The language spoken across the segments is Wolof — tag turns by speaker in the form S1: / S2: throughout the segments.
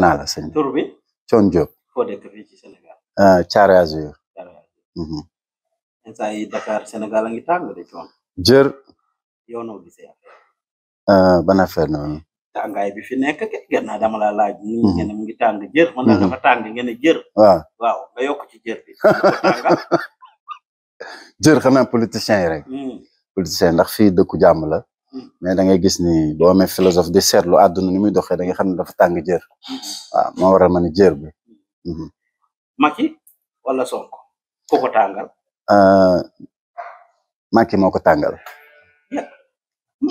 S1: naa la sëñ bi tur bi Thione Diop. foo dëkk euh, mhm.
S2: Dakar Sénégal a ngi tàng de Thione. jër. yow noo gisee affaire.
S1: Euh, ban affaire noonu.
S2: tàngaay bi fi nekk gën naa dama laa laaj. ñu mhm. ngi ne mu ngi tàng jër. man daal
S1: dafa ndax fii dëkku jàmm la. mais da ngay gis ni boo amee philosophe di seetlu àdduna ni muy doxe da xam ne dafa tàng jër moo waral ma ni jër bi. Mhm.
S2: Macky wala Sonko ku ko tàngal.
S1: Euh, Macky moo ko tàngal.
S2: Mhm.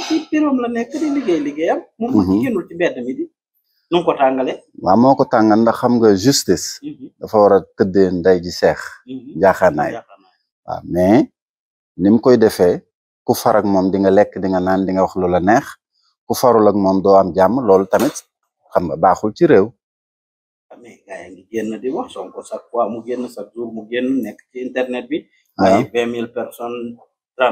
S2: nu ko tàngalee.
S1: waaw moo ko tàngal ndax xam nga justice. Mhm. dafa war a tëddee ndey ji seex. jaaxaanaay waaw koy defe ku far ak moom di nga lekk di nga naan di wax lu la neex ku farul ak moom doo am jàmm loolu tamit xam nga baaxul ci réew.
S2: fois mu génn chaque mu génn nekk ci internet bi. waaw ah. ay vingt mille personnes mm-hmm. la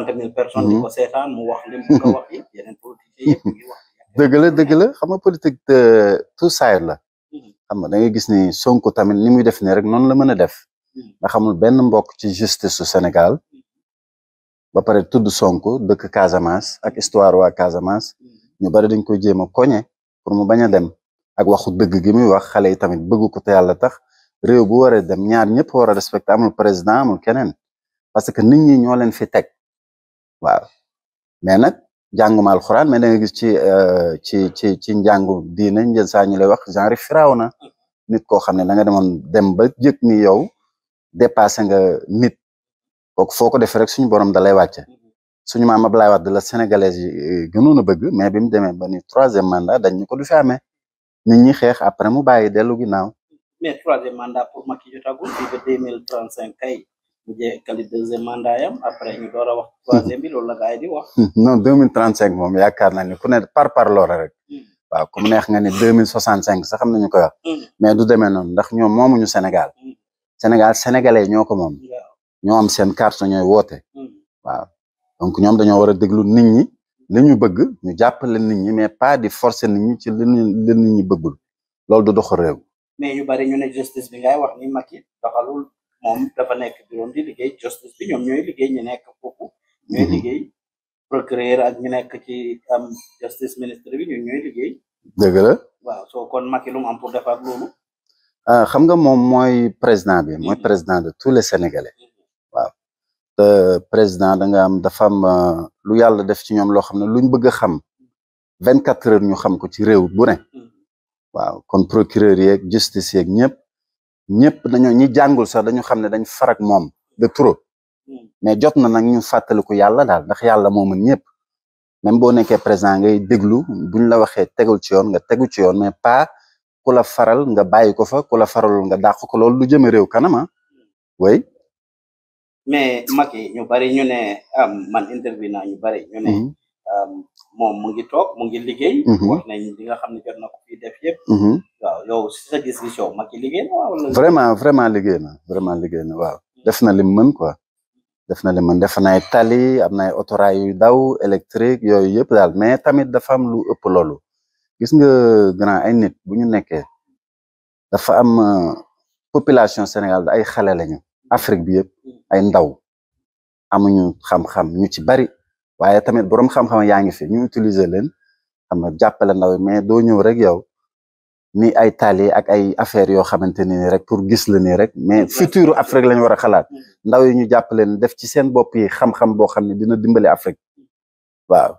S1: dëgg la xam nga politique de euh, tout side mm-hmm. nga da gis ni Sonko tamit ni muy def nii rek noonu la mën a def. Mm-hmm. nga xamul benn mbokk ci justice senegal ba pare tudd Sonko dëkk Casamance ak histoire waa Casamance ñu bari dañ ko jéem a koñe pour mu bañ a dem ak waxu dëgg gi muy wax xale yi tamit bëgg ko te yàlla tax réew bu waree dem ñaar ñëpp war a respecté amul président amul keneen parce que nit ñi ñoo leen fi teg waaw mais nag jànguma alxuraan mais da gis ci euh, ci ci ci njàngu diine njën saa ñu lay wax genre firaaw na nit koo xam ne da nga demoon dem ba jëkk ni yow dépassé nga nit kooku foo ko defee rek suñu borom da lay wàcce suñu maam Abdoulaye Wade la sénégalais yi euh, gënoon a bëgg mais bi mu demee ba ni troisième mandat dañ ñu ko du fi nit ñi xeex après mu bàyyi dellu ginnaaw.
S2: mais troisième mandat pour Macky jotagul trente cinq kay mu a la gars yi di wax.
S1: non deux mille trente cinq moom yaakaar naa ne ku ne par par loola rek. Mm. waaw comme ne nga ni deux mille soixante cinq sax am nañu koy wax. Mm. mais du demee noonu ndax ñoom moomuñu Sénégal. Mm. Sénégal sénégalais ñoo ko ñoom seen carte ñooy woote hmm. waaw donc ñoom dañoo war a déglu nit ñi li ñu bëgg ñu jàppale nit ñi mais pas di forcer nit ci li li bëggul loolu du dox réew.
S2: mais yu bari ñu ne justice bi ngay wax ni Macky dafa nekk bureau di liggéey justice bi ñoom ñooy liggéey ñu nekk foofu. ñooy mm-hmm. liggéey procureur ak ci am justice ministre bi ñoom ñooy liggéey. dëgg la soo kon Macky am pour defar loolu.
S1: Ah, xam nga moom mooy président bi mm-hmm. mooy président de tous les Sénégalais. Mm-hmm. président da nga am dafa am euh, lu yàlla def ci ñoom loo xam ne luñ bëgg a xam vingt quatre heures ñu xam ko ci réew bu ne waaw kon procureur yeeg justice yeeg ñëpp ñëpp dañoo ñi jàngul sax daño xam ne dañ farak moom de trop mais jot na nag ñu fàttaliku yàlla daal ndax yàlla moo mën ñëpp même boo nekkee président ngay déglu buñ la waxee tegul ci yoon nga tegu ci yoon mais pas ku la faral nga bàyyi ko fa ku la faralul nga dàq ko loolu lu jëme réew kanama ah. way
S2: mais Macky ñu bari ñu man interview naa ñu bari ñu ne mhm. moom mu ngi toog mu ngi liggéey mhm. wax nañ li nga xam ne jot na
S1: mhm. vraiment liggéey na vraiment liggéey na waaw def na lim mën quoi def na li man def nay tali am nay autorail yu daw électrique yooyu yëpp daal mais tamit dafa am lu ëpp loolu gis nga grand ay nit bu ñu nekkee dafa am population Sénégal ay xale lañu Afrique bi yëpp ay ndaw amuñu xam-xam ñu ci bari waaye tamit borom xam-xam yaa ngi fi ñu utiliser leen xam nga jàppale ndaw yi mais doo ñëw rek yow ni ay taali ak ay affaires yoo xamante ne rek pour gis la nii rek mais futur Afrique lañ war a xalaat mm. ndaw yi ñu jàppale def ci seen bopp yi xam-xam boo xam ne dina dimbali Afrique waaw.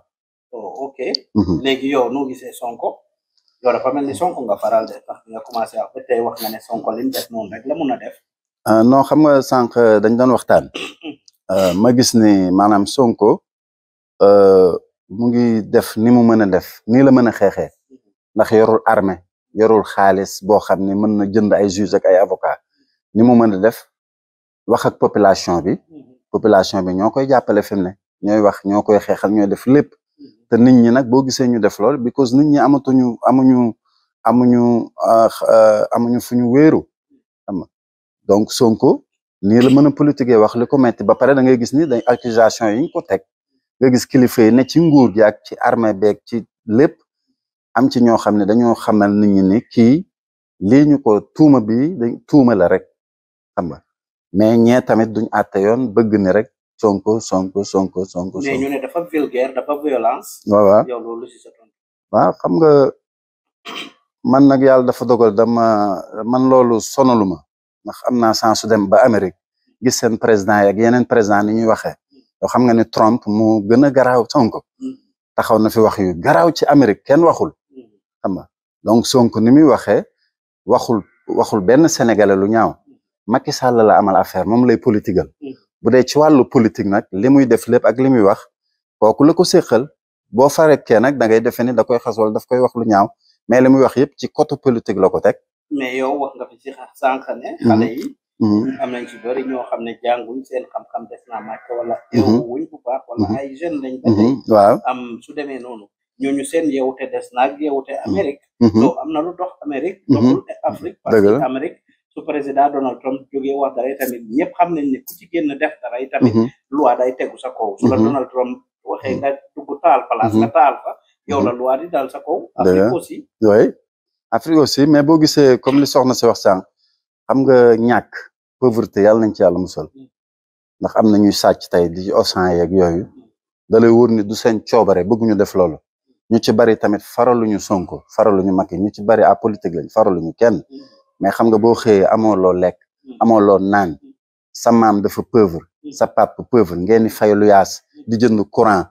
S2: Oh, mm-hmm. mu def noonu
S1: Euh, non xam nga sànq euh, dañ doon waxtaan euh, ma gis ni maanaam Sonko mu ngi def ni mu mën a def nii la mën a xeexee ndax yorul armée yorul xaalis boo xam ni mën na jënd ay juge ak ay ni mu mën a def wax ak population bi population bi ñoo koy jàppale fi mu ne ñooy wax ñoo koy xeexal ñooy def lépp te nit ñi nag boo gisee ñu def lool because nit ñi amatuñu amuñu amuñu amuñu fu ñu wéeru donc Sonko nii la mën a politique wax li ko metti ba pare da ngay gis ni dañ accusation yi ñu ko teg nga gis kilifa yi ne ci nguur gi ci armée beeg ci lépp am ci ñoo xam ne dañoo xamal nit ñi ni kii liñu ko tuuma bi dañ tuuma la rek xam nga mais ñee tamit duñ àtte yoon bëgg ni rek Sonko Sonko Sonko Sonko. mais ñu ne dafa xam nga man nag yàlla dafa dogal dama man loolu sonaluma ndax am naa sens su dem ba Amérique gis seen président yeeg yeneen président ni ñuy waxee yoo xam nga ni Trump mu gën a garaaw Sonko taxaw na fi wax yu garaaw ci Amérique kenn waxul xam nga donc sonk ni muy waxee waxul waxul benn sénégalais lu ñaaw Macky Sall la amal affaire moom lay politigal bu dee ci wàllu politique nag li muy def lépp ak li muy wax kooku la ko séqal boo farekkee nag da ngay defe ni da koy xas daf koy wax lu ñaaw mais li muy wax yëpp ci côté politique la ko teg
S2: mais yow wax nga fi ci sànq ne. Mhm. xale yi. Mhm. am nañ ci bëri ñoo xam ne jànguñ seen xam-xam def naa màcc wala. yow mhm. wuñ bu baax wala ay jeunes lañ. ba tey waaw am su demee noonu. ñooñu seen yeewute des na ak yeewute Amérique. na lu dox Amérique. doxul Afrique parce que Amérique. su président Donald Trump jógee wax dara tamit ñëpp xam nañ ne ku ci génn def dara tamit. loi day tegu sa kaw. su la Donald Trump waxee nga dugg taal place nga taal fa. yow la loi di daal sa Afrique aussi.
S1: Afrique aussi mais boo gisee comme li soxna si wax sànq xam nga ñàkk pauvreté yàlla nañ ci yàlla musal ndax am na ñuy sàcc tey di ci osan yeeg yooyu dalay lay wóor ni du seen coobare bëgguñu def loolu ñu ci bari tamit faraluñu Sonko faraluñu Macky ñu ci bari à politique lañ faraluñu kenn mais xam nga boo xëyee amoo loo lekk amoo loo naan sa maam dafa pauvre sa pap pauvre ngeen di fay lu yaas di jënd courant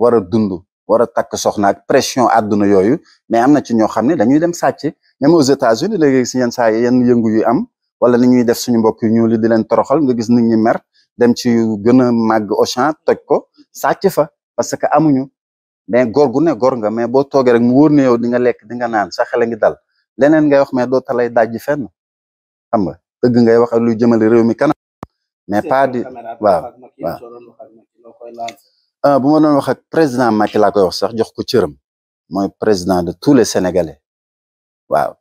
S1: war a dund wara tak soxna ak pression aduna yoyu mais amna ci ño xam dañuy dem satch même aux États-Unis legui ci yeen saa yeen yëngu yu am wala ni ñuy def suñu mbokk ñu li di len toroxal nga gis nit ñi mer dem ci gëna mag màgg Auchan toj ko satch fa parce que amuñu mais gor gu ne gor nga mais bo toge rek mu wóor ne yow di nga lek di nga naan sa xel nga dal lenen ngay wax mais do talay dajji fenn xam nga deug ngay wax ak luy jëmale réew mi kanam mais pas di waaw waaw Euh, bu ma doon wax ak président Macky laa koy wax sax jox ko cëram mooy président de tous les sénégalais waaw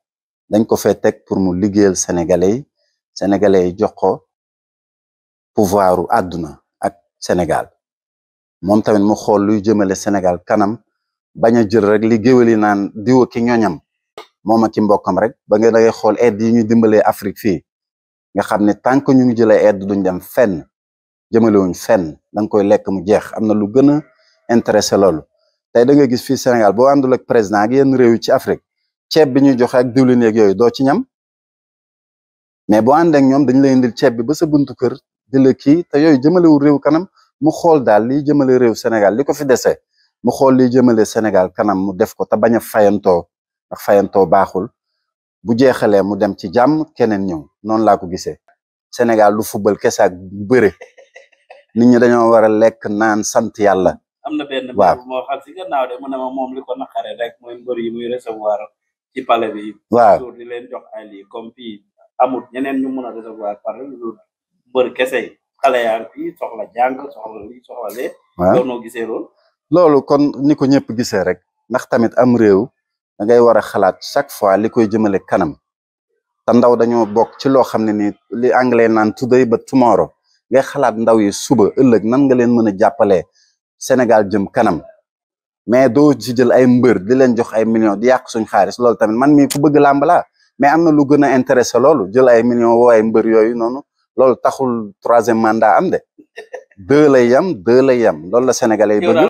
S1: dañ ko fee teg pour mu liggéeyal sénégalais yi sénégalais yi jox ko pouvoiru àdduna ak Sénégal moom tamit mu xool luy jëmale Sénégal kanam bañ a jël rek li géwél yi naan diwa ki ñoñam moom ak ki mbokkam rek ba nga da xool aide yi ñu dimbalee Afrique fii nga xam ne tant que ñu ngi jëlee aide duñ dem fenn jëmalewuñ fenn da nga koy lekk mu jeex am na lu gën a intéressé loolu tey da nga gis fi Sénégal boo àndul ak président ak yenn réew yi ci Afrique ceeb bi ñuy joxe ak diwlin yeeg yooyu doo ci ñam mais boo ànd ak ñoom dañu lay indil ceeb bi ba sa buntu kër di kii te yooyu jëmalewul réew kanam mu xool daal liy jëmale réew senegal li ko fi dese mu xool liy jëmale Sénégal kanam mu def ko te bañ a fayantoo fayantoo baaxul bu jeexalee mu dem ci jàmm keneen ñëw noonu laa ko gisee Sénégal lu fubal kese ak bëre nit ñi dañoo wara lek naan sant yalla amna na benn mo
S2: moo xam si gannaaw de mu ne ma moom liko naxare rek moy mbër yi muy recevoir ci palais bi. waaw di leen jox ay lii comme fi amut ñeneen ñu mëna recevoir par exemple mbër kese xale yaa ngi soxla jang soxla li soxla le waaw loolu noo gisee
S1: loolu. kon niko ñepp gisé rek ndax tamit am rew da ngay wara xalaat chaque fois likoy koy kanam ta ndaw dañoo bok ci lo xam ni li anglais nan today but tomorrow. ngay xalaat ndaw yi suba ëllëg nan nga leen mën a jàppalee Sénégal jëm kanam mais doo ci jël ay mbër di leen jox ay millions di yàq suñ xaalis loolu tamit man mi ku bëgg làmb laa mais am na lu gën a intéressé loolu jël ay milion woo ay mbër yooyu noonu loolu taxul troisième manda am de deux lay yam deux lay yam loolu la
S2: Sénégalais yi